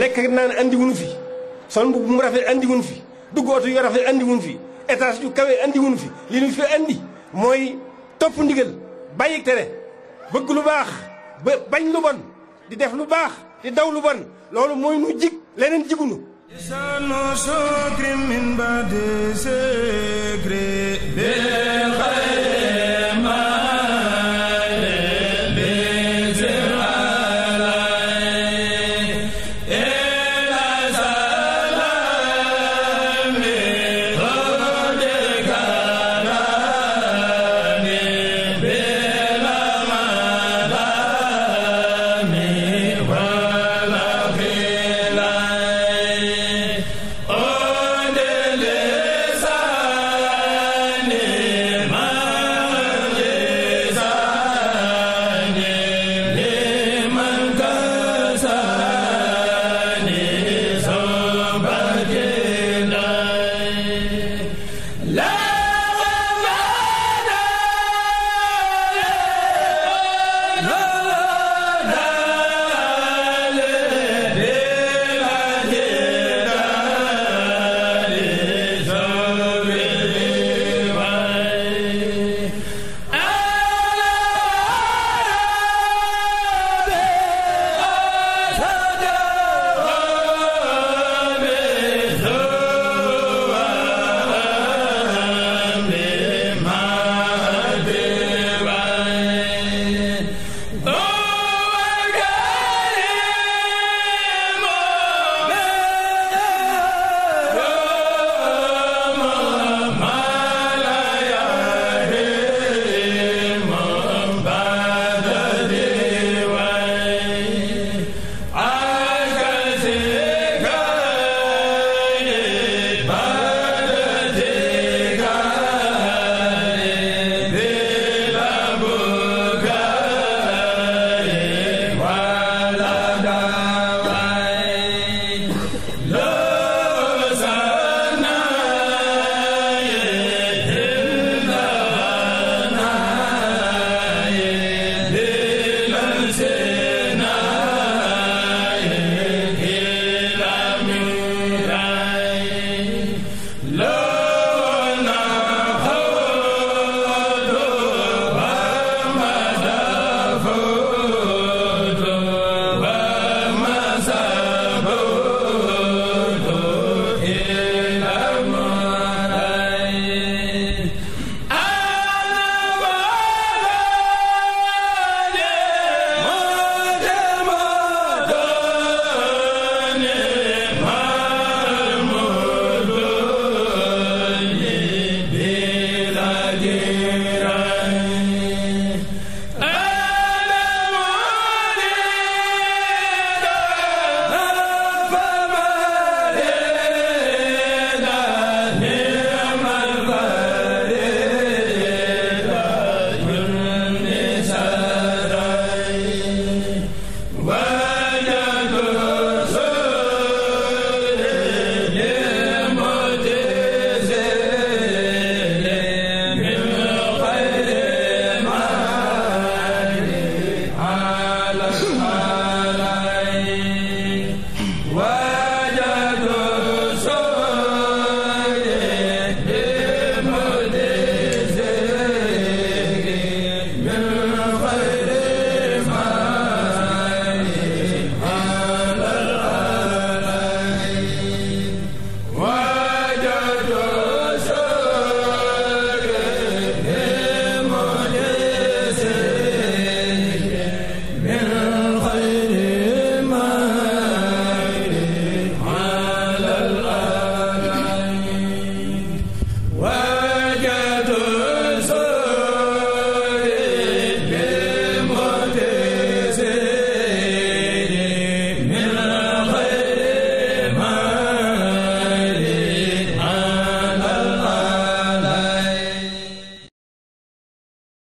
lekk naan andi wuñ fi sol bu mu rafet andi wuñ fi dugg oto yu rafet andi wuñ fi étage yu kawe andi wun fi li ñu fi andi mooy topp ndigal bàyyi tere bëgg lu baax ba bañ lu bon di def lu baax di daw lu bon loolu mooy nu jig leneen jigunu.